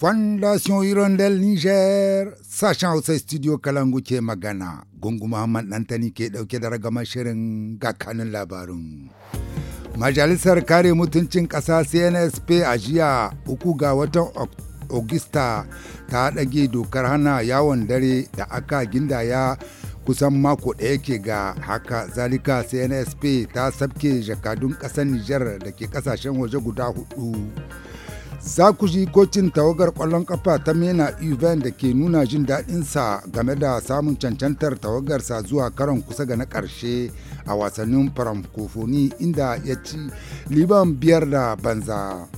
Fondation Hirondelle Niger sashen Hausa Studio Kalangu ke magana, Gungu Muhammad Dantani ke ɗauke da ragamar shirin gakanin labarun. labarin. Majalisar Kare Mutuncin Ƙasa CNSP a jiya uku ga watan Augusta ta ɗage dokar hana yawon dare da aka gindaya kusan mako ɗaya ke ga haka zalika CNSP ta sabke jakadun ƙasar Nijar da ke ƙasashen waje guda hudu. Za ku ji gocin tawagar ƙwallon ƙafa ta Mena Uven da ke nuna jin daɗinsa game da samun cancantar tawagarsa zuwa karon kusa ga na ƙarshe a wasannin faramkofoni inda ya ci liban biyar da banza.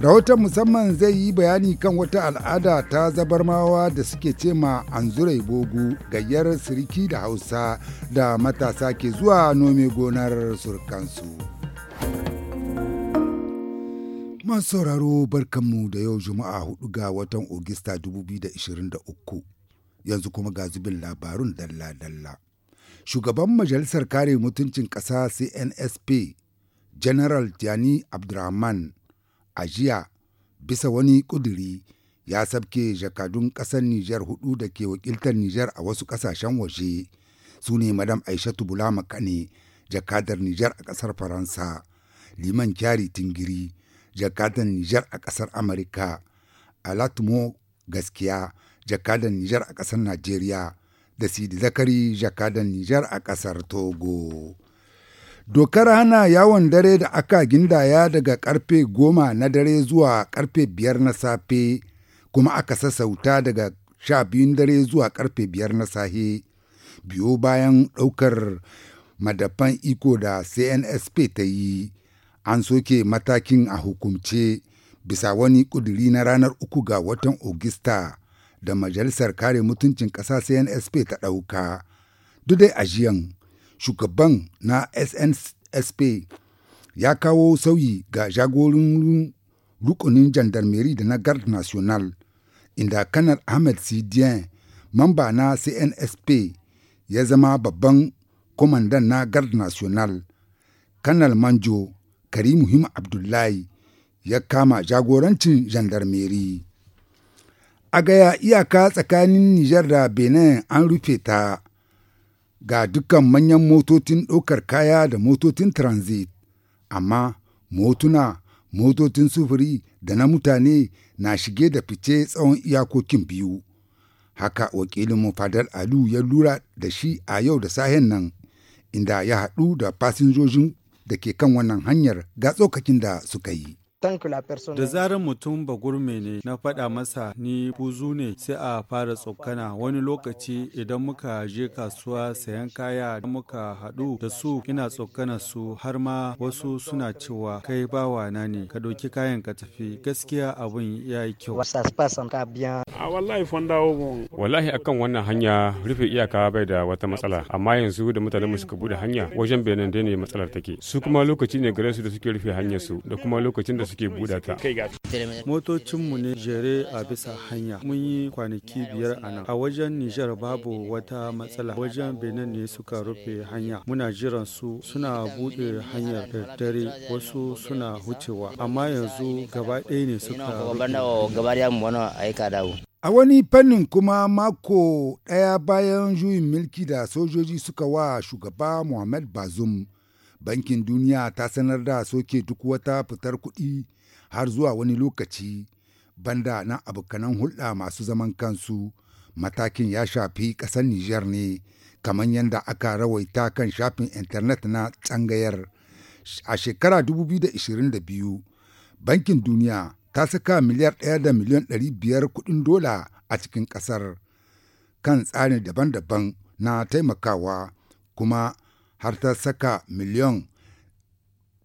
Rahoton musamman zai yi bayani kan wata al'ada ta zabarmawa da suke ce ma anzurai bogu gayyar siriki da hausa da matasa ke zuwa nome gonar surkansu. Masu sauraro barkanmu da yau Juma'a hudu ga watan Ogista 2023 yanzu kuma ga zubin labarun dalla-dalla. Shugaban Majalisar Kare Mutuncin Ƙasa CNSP, General Tani abdulrahman a jiya bisa wani ƙuduri ya sabke jakadun ƙasar Nijar hudu da ke wakiltar Nijar a wasu ƙasashen waje su ne Madam Aishatu Bula kane jakadar Nijar a ƙasar Faransa, Liman Kyari Tingiri. jakadan Nijar a ƙasar Amurka, Alatumo gaskiya jakadan Nijar a ƙasar Najeriya da Sidi Zakari jakadan Nijar a ƙasar Togo. Dokar hana yawon dare da aka gindaya daga karfe goma na dare zuwa karfe biyar na safe kuma aka sassauta daga sha biyun dare zuwa karfe biyar na sahe biyo bayan ɗaukar madafan iko da CNSP ta yi. an soke matakin a hukumce bisa wani ƙudiri na ranar uku ga watan Ogista da Majalisar Kare Mutuncin Ƙasa CNSP ta ɗauka. Duk dai ajiyan shugaban na SNSP ya kawo sauyi ga jagorin rukunin jandarmeri da na Guard National, inda kanar Ahmed Sidien, mamba na CNSP, ya zama babban kwamandan na Guard National. Kanal Manjo Karimu Hima Abdullahi ya kama jagorancin jandarmeri. A gaya iyaka tsakanin Nijar da Benin an rufe ta ga dukkan manyan motocin ɗaukar kaya da motocin transit, amma motuna, motocin sufuri da na mutane na shige da fice tsawon iyakokin biyu. Haka wakilin Fadar Alu ya lura da shi a yau da sahen nan, inda ya haɗu da fasinjojin da ke kan wannan hanyar ga tsokakin da suka yi. Da zarar mutum gurme ne na faɗa masa ni buzu ne sai a fara tsokana wani lokaci idan muka je kasuwa sayan kaya da muka haɗu da su ina tsokana su har ma wasu suna cewa kai bawa na ne ka ɗauki kayan ka tafi gaskiya abun ya yi kyau. Ah, wallahi akan wannan hanya rufe iyaka bai da wata matsala amma yanzu da mutane mu suka bude hanya wajen benin ne matsalar take su kuma lokaci ne gare su da suke rufe hanyar su da kuma lokacin da suke buɗe ta. Motocinmu ne jere a bisa hanya. Mun yi kwanaki biyar a nan. A wajen Nijar babu wata matsala. Wajen Benin ne suka rufe hanya. Muna jiran su suna buɗe hanyar da dare wasu suna hucewa. Amma yanzu gaba ɗaya ne suka rufe A wani fannin kuma mako ɗaya bayan juyin milki da sojoji suka wa shugaba Muhammad Bazoum. Bankin Duniya ta sanar da soke duk wata fitar kuɗi har zuwa wani lokaci banda na abokanan hulɗa masu zaman kansu matakin ya shafi ƙasar Nijar ne kamar yadda aka rawaita kan shafin intanet na tsangayar. A shekara 2022, Bankin Duniya ta saka miliyar ɗaya da miliyan ɗari biyar kuɗin dola a cikin ƙasar kan tsarin daban-daban na taimakawa kuma har ta saka miliyan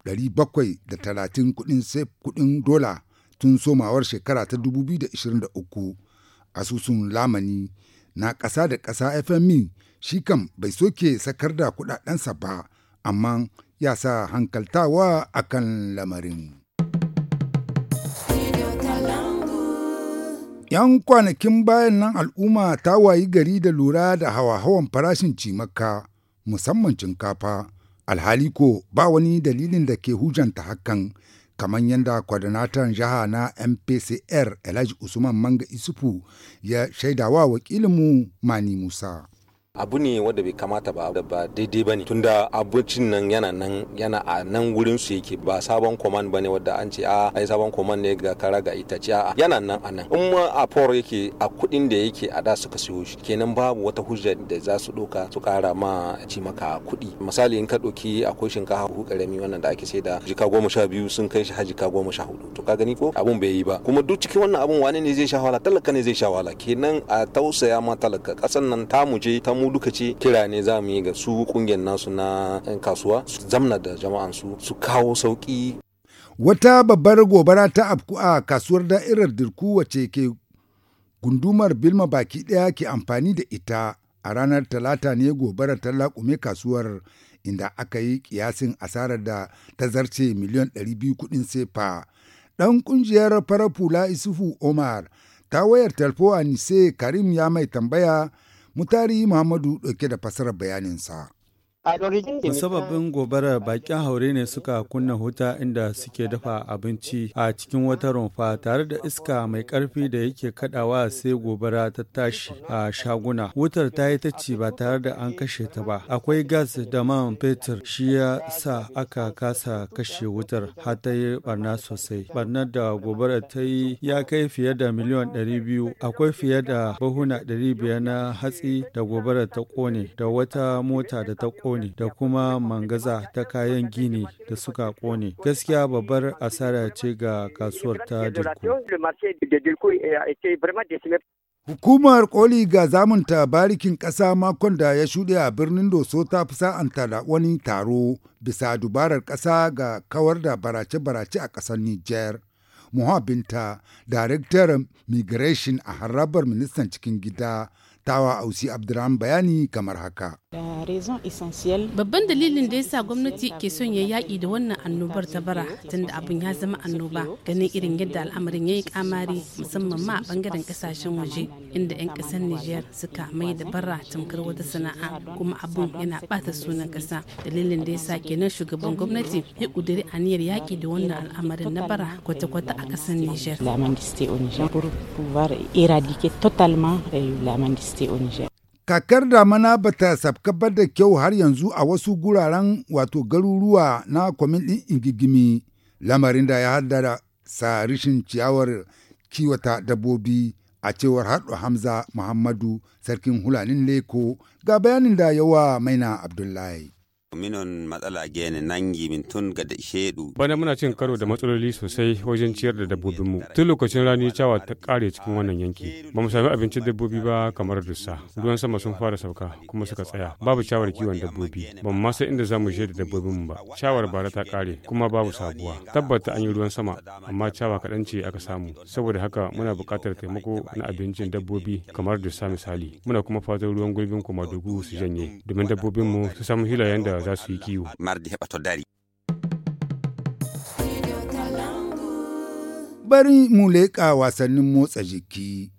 730 kudin kudin dola tun somawar shekara ta 2023 asusun lamani na ƙasa da ƙasa fmi e shi kam bai soke sakar da kudadensa ba amma ya sa hankaltawa a kan lamarin. 'yan kwanakin bayan nan al'umma ta wayi gari da lura da hawa-hawan farashin cimaka musamman shinkafa alhali ko ba wani dalilin da ke hujanta hakan kamar yadda kwadanatan jiha na mpcr elijah usman manga isufu ya shaidawa wakilinmu mani musa abu ne wanda bai kamata ba da ba daidai bane tunda abincin nan yana nan yana a nan wurin su yake ba sabon command bane wanda an ce a ai sabon command ne ga kara ga ce a yana nan a nan in ma a for yake a kudin da yake a da suka siyo shi kenan babu wata hujja da za su doka su kara ma ci maka kudi misali in ka doki akwai shinkafa hu karami wannan da ake sai da jika goma biyu sun kai shi hajika goma sha hudu to ka gani ko abun bai yi ba kuma duk cikin wannan abun wane ne zai sha wala talaka ne zai sha wala kenan a tausaya ma talaka kasan nan tamu je tamu mu duka ce kira ne za mu yi ga su kungiyar nasu na 'yan kasuwa su zamna da jama'ansu su kawo sauki wata babbar gobara ta afku a kasuwar da'irar dirku wace ke gundumar bilma baki ɗaya ke amfani da ita a ranar talata ne gobara ta laƙume kasuwar inda aka yi kiyasin asarar da ta zarce miliyan 200 kuɗin sefa ɗan ƙungiyar farar fula isufu omar ta wayar talfo a nise karim ya mai tambaya Mutari Muhammadu ɗauke da fasarar bayaninsa. Sababin gobarar bakin haure ne suka kunna huta inda suke dafa abinci a cikin wata rumfa tare da iska mai karfi da yake kadawa sai gobara ta tashi a shaguna. Wutar ta yi tacci ba tare da an kashe ta ba. Akwai gas da man fetur shi ya sa aka kasa kashe wutar har ta yi barna sosai. Barnar da gobara ta yi ya kai fiye da miliyan 200. Akwai fiye da bahuna 500 na hatsi da gobarar ta kone da wata mota da ta kone. kone da kuma mangaza ta kayan gini da suka kone. Gaskiya babbar asara ce ga kasuwar ta Dirku. Hukumar koli ga zamunta barikin ƙasa makon da ya shuɗe a birnin Doso ta fi sa'anta da wani taro bisa dubarar ƙasa ga kawar da barace-barace a ƙasar Nijar. Muhabinta, Daraktar Migration a harabar ministan cikin gida, tawa Ausi Abdurrahman bayani kamar haka. Babban dalilin da sa gwamnati ke son ya yaƙi da wannan annobar ta bara tunda abin ya zama annoba ganin irin yadda al'amarin ya yi kamari musamman ma a bangaren kasashen waje inda 'yan ƙasar Nijar suka mai da bara tamkar wata sana'a kuma abin yana bata sunan kasa. dalilin da yasa kenan shugaban gwamnati ya ƙudiri aniyar yaƙi da wannan al'amarin na bara kwata-kwata a kasar Nijar. Kakar damana ba ta sabkabar da kyau har yanzu a wasu guraren wato garuruwa na kwamin ɗin ingigimi lamarin da ya haddara sa rishin ciyawar kiwata dabbobi a cewar haɗu Hamza Muhammadu Sarkin Hulanin Leko ga bayanin da yawa maina Abdullahi. minon matsala gene nangi min tun ga da shedu bana muna cin karo da matsaloli sosai wajen ciyar da dabbobin mu tun lokacin rani cawa ta kare cikin wannan yanki bamu mu sami abincin dabbobi ba kamar dussa ruwan sama sun fara sauka kuma suka tsaya babu cawar kiwon dabbobi ba mu san inda zamu je da dabbobin mu ba cawar bara ta kare kuma babu sabuwa tabbata an yi ruwan sama amma cawa kaɗan ce aka samu saboda haka muna buƙatar taimako na abincin dabbobi kamar dussa misali muna kuma fatan ruwan gulbin kuma dugu su janye domin dabbobinmu su samu hilayen da za su yi kiwo. Bari mu leƙa wasannin motsa jiki.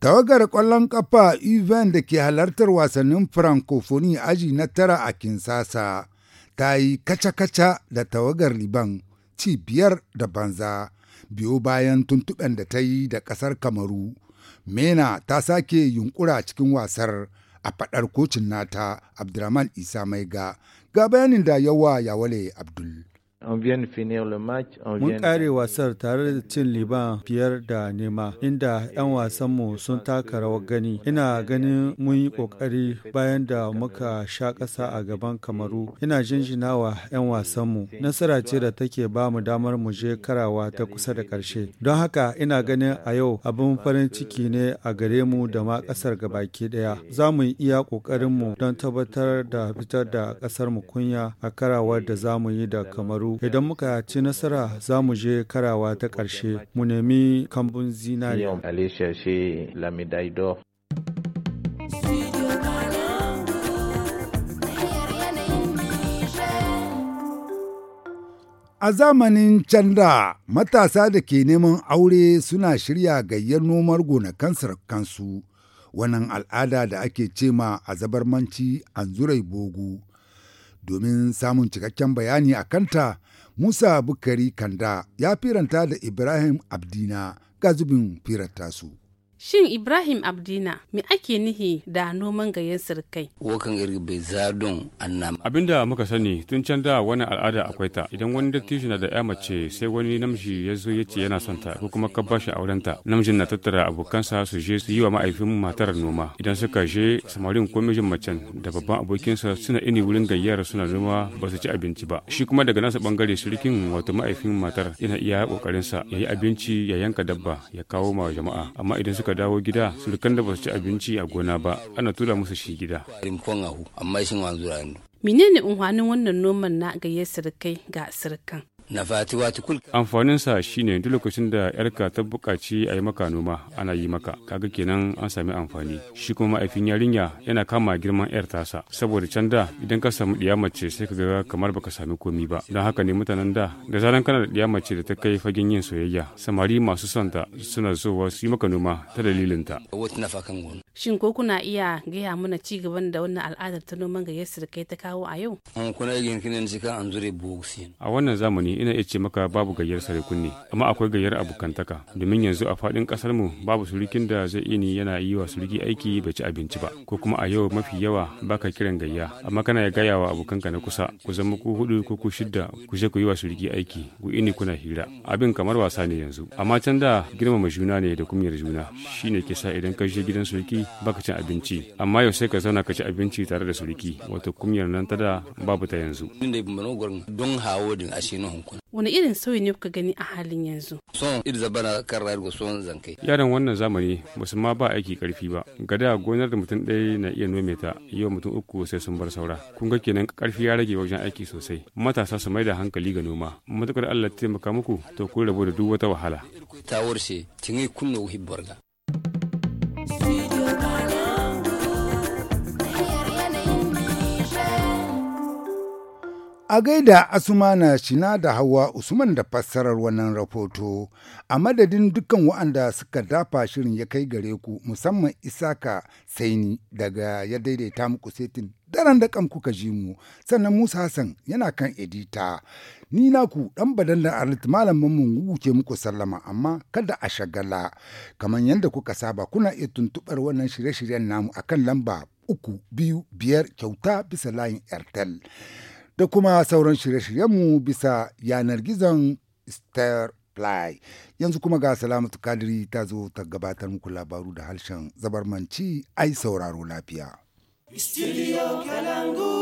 Tawagar ƙwallon ƙafa iven da ke halartar wasannin Francophonie aji na tara a Kinsasa ta yi kaca-kaca da tawagar Liban ci biyar da banza biyo bayan tuntuɓen da ta yi da ƙasar Kamaru. Mena ta sake yunƙura cikin wasar a faɗar kocin nata Abdulrahman Isa Maiga ga bayanin da yawa Yawale Abdul. Mun ƙare wasar tare da cin liban fiyar da nema, inda 'yan wasanmu sun taka rawar gani. Ina ganin mun yi kokari bayan da muka sha ƙasa a gaban kamaru. Ina jinjina wa 'yan wasanmu. Nasara ce da take ba mu damar mu je karawa ta kusa da ƙarshe. Don haka ina ganin a yau abin farin ciki ne a gare mu da ma ƙasar baki ɗaya. Za mu yi iya ƙoƙarinmu don tabbatar da fitar da ƙasarmu kunya a karawar da za mu yi da kamaru idan muka ci nasara za mu je karawa ta ƙarshe mu nemi kambun zinari A zamanin canda, matasa da ke neman aure suna shirya gayyar nomar gonakansu kansu, wannan al'ada da ake cema a zabarmanci an zurai bogu. domin samun cikakken bayani a kanta musa bukari kanda ya firanta da ibrahim abdina ga zubin firar tasu. Shin Ibrahim Abdina me ake nihi da noman gayen sirkai? Wakan irbe zadon Abinda muka sani tun can da wani al'ada akwai ta idan wani dattijo na da ya mace sai wani namiji ya zo ya ce yana son ta ko kuma ka ba auren ta. Namijin na tattara abokansa su je su yi wa ma'aifin matar noma. Idan suka je samarin ko mijin macen da babban abokinsa suna ini wurin gayyar suna noma ba su ci abinci ba. Shi kuma daga nasa bangare surikin wato ma'aifin matar yana iya kokarinsa ya yi abinci ya yanka dabba ya kawo ma jama'a amma idan suka suka dawo gida surukan da ba su ci abinci a gona ba ana tura musu shi gida menene unhwanin wannan noman na gayyar sirkai ga sirkan amfaninsa shine duk lokacin da yarka ta buƙaci a yi maka noma ana yi maka kaga kenan an sami amfani shi kuma ma'aifin yarinya yana kama girman yar tasa saboda can da idan ka samu ɗiya mace sai ka ga kamar baka sami komi ba don haka ne mutanen da da zaran kana da diya mace da ta kai fagen yin soyayya samari masu son suna zuwa su yi maka noma ta dalilinta Shin ko kuna iya gaya mana ci gaban da wannan al'adar ta noman gayyar sirkai ta kawo a yau? kuna A wannan zamani ina iya ce maka babu gayyar sarakun ne, amma akwai gayyar abokantaka. Domin yanzu a faɗin kasar mu babu surikin da zai ni yana yi wa suruki aiki bai ci abinci ba, ko kuma a yau mafi yawa baka kiran gayya, amma kana ya gaya wa abokanka na kusa, ku zama ku hudu ko ku shidda ku je ku yi wa suruki aiki, ku ini kuna hira. Abin kamar wasa ne yanzu, amma can da girmama juna ne da kumiyar juna, shine ke sa idan ka je gidan suruki ba baka cin abinci amma yau sai ka zauna ka ci abinci tare da suriki wato kumyar nan ta da babu ta yanzu wani irin sauyi ne kuka gani a halin yanzu yaran wannan zamani ba su ma ba aiki karfi ba gada da gonar da mutum ɗaya na iya nome ta yau mutum uku sai sun bar saura kun ga kenan karfi ya rage wajen aiki sosai matasa su mai da hankali ga noma matukar Allah taimaka muku to ku rabu da duk wata wahala ta A gaida Asumana Shina da Hawa Usman da fassarar wannan rahoto, a madadin dukkan wa'anda suka dafa shirin ya kai gare ku musamman Isaka Saini daga ya daidaita muku setin daren da kan kuka ji mu sannan Musa Hassan yana kan edita. Ni naku dan badan da Arlit malamin mun ke muku sallama amma kada a shagala. Kamar yadda kuka saba kuna iya tuntubar wannan shirye-shiryen namu akan lamba uku biyu biyar kyauta bisa layin Airtel. da kuma sauran shirye-shiryenmu bisa yanar gizon Starfly. Yanzu kuma ga Salamatu Kadiri ta zo ta gabatar muku labaru da harshen zabarmanci ai sauraro lafiya. Studio Kalangu.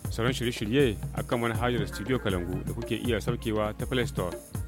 sauran shirye-shirye akan manhajar studio kalangu da kuke iya saukewa ta play store